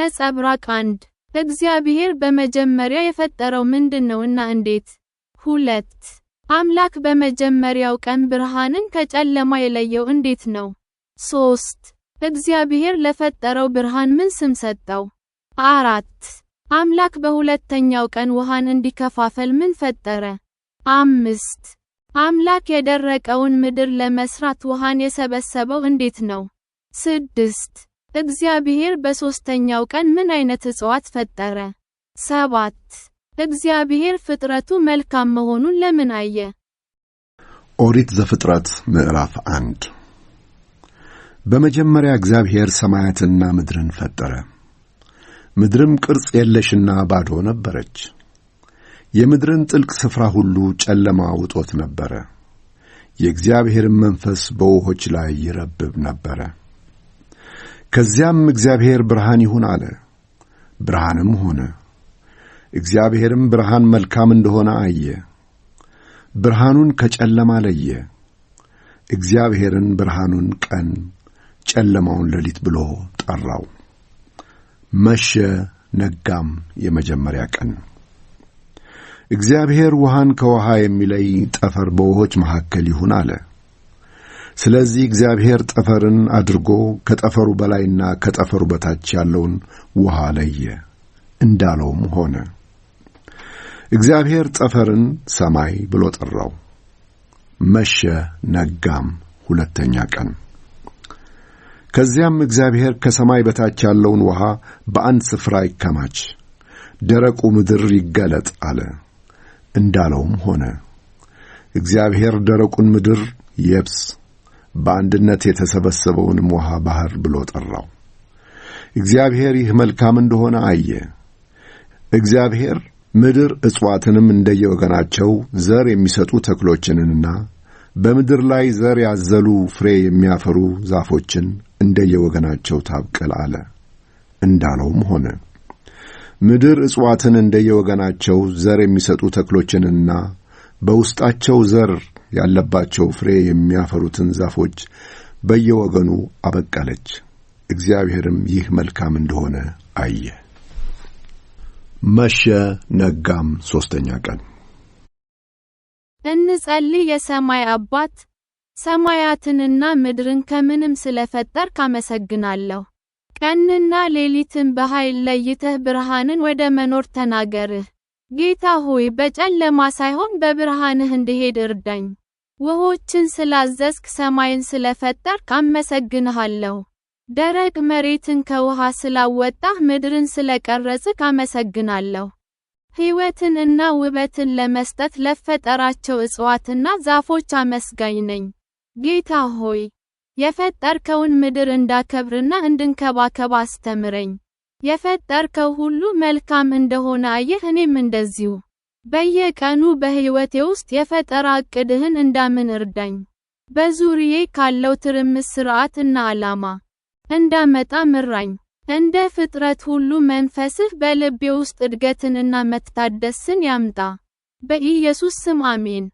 ነጸብራቅ አንድ እግዚአብሔር በመጀመሪያ የፈጠረው ምንድን እና እንዴት? ሁለት አምላክ በመጀመሪያው ቀን ብርሃንን ከጨለማ የለየው እንዴት ነው? ሶስት እግዚአብሔር ለፈጠረው ብርሃን ምን ስም ሰጠው? አራት አምላክ በሁለተኛው ቀን ውሃን እንዲከፋፈል ምን ፈጠረ? አምስት አምላክ የደረቀውን ምድር ለመስራት ውሃን የሰበሰበው እንዴት ነው? ስድስት እግዚአብሔር በሦስተኛው ቀን ምን ዓይነት እጽዋት ፈጠረ? ሰባት እግዚአብሔር ፍጥረቱ መልካም መሆኑን ለምን አየ? ኦሪት ዘፍጥረት ምዕራፍ አንድ በመጀመሪያ እግዚአብሔር ሰማያትና ምድርን ፈጠረ። ምድርም ቅርጽ የለሽና ባዶ ነበረች። የምድርን ጥልቅ ስፍራ ሁሉ ጨለማ ውጦት ነበረ። የእግዚአብሔርን መንፈስ በውሆች ላይ ይረብብ ነበረ። ከዚያም እግዚአብሔር ብርሃን ይሁን አለ፣ ብርሃንም ሆነ። እግዚአብሔርም ብርሃን መልካም እንደሆነ አየ፣ ብርሃኑን ከጨለማ ለየ። እግዚአብሔርን ብርሃኑን ቀን፣ ጨለማውን ሌሊት ብሎ ጠራው። መሸ ነጋም የመጀመሪያ ቀን። እግዚአብሔር ውሃን ከውሃ የሚለይ ጠፈር በውሆች መካከል ይሁን አለ። ስለዚህ እግዚአብሔር ጠፈርን አድርጎ ከጠፈሩ በላይና ከጠፈሩ በታች ያለውን ውሃ ለየ፣ እንዳለውም ሆነ። እግዚአብሔር ጠፈርን ሰማይ ብሎ ጠራው። መሸ፣ ነጋም ሁለተኛ ቀን። ከዚያም እግዚአብሔር ከሰማይ በታች ያለውን ውሃ በአንድ ስፍራ ይከማች፣ ደረቁ ምድር ይገለጥ አለ። እንዳለውም ሆነ። እግዚአብሔር ደረቁን ምድር የብስ በአንድነት የተሰበሰበውንም ውሃ ባሕር ብሎ ጠራው። እግዚአብሔር ይህ መልካም እንደሆነ አየ። እግዚአብሔር ምድር እጽዋትንም እንደየወገናቸው ዘር የሚሰጡ ተክሎችንና በምድር ላይ ዘር ያዘሉ ፍሬ የሚያፈሩ ዛፎችን እንደየወገናቸው ታብቅል አለ። እንዳለውም ሆነ። ምድር እጽዋትን እንደየወገናቸው ዘር የሚሰጡ ተክሎችንና በውስጣቸው ዘር ያለባቸው ፍሬ የሚያፈሩትን ዛፎች በየወገኑ አበቀለች። እግዚአብሔርም ይህ መልካም እንደሆነ አየ። መሸ ነጋም። ሦስተኛ ቀን እንጸልይ። የሰማይ አባት ሰማያትንና ምድርን ከምንም ስለፈጠር አመሰግናለሁ። ቀንና ሌሊትን በኃይል ለይተህ ብርሃንን ወደ መኖር ተናገርህ። ጌታ ሆይ በጨለማ ሳይሆን በብርሃንህ እንድሄድ እርዳኝ። ውሆችን ስላዘዝክ ሰማይን ስለፈጠርክ አመሰግንሃለሁ። ደረቅ መሬትን ከውሃ ስላወጣህ ምድርን ስለቀረጽክ አመሰግናለሁ። ሕይወትን እና ውበትን ለመስጠት ለፈጠራቸው እጽዋትና ዛፎች አመስጋኝ ነኝ። ጌታ ሆይ የፈጠርከውን ምድር እንዳከብርና እንድንከባከባ አስተምረኝ። የፈጠርከው ሁሉ መልካም እንደሆነ አየህ እኔም እንደዚሁ። በየቀኑ በሕይወቴ ውስጥ የፈጠራ ዕቅድህን እንዳምን እርዳኝ። በዙሪዬ ካለው ትርምስ ስርዓት እና ዓላማ እንዳመጣ ምራኝ። እንደ ፍጥረት ሁሉ መንፈስህ በልቤ ውስጥ እድገትንና መታደስን ያምጣ። በኢየሱስ ስም አሜን።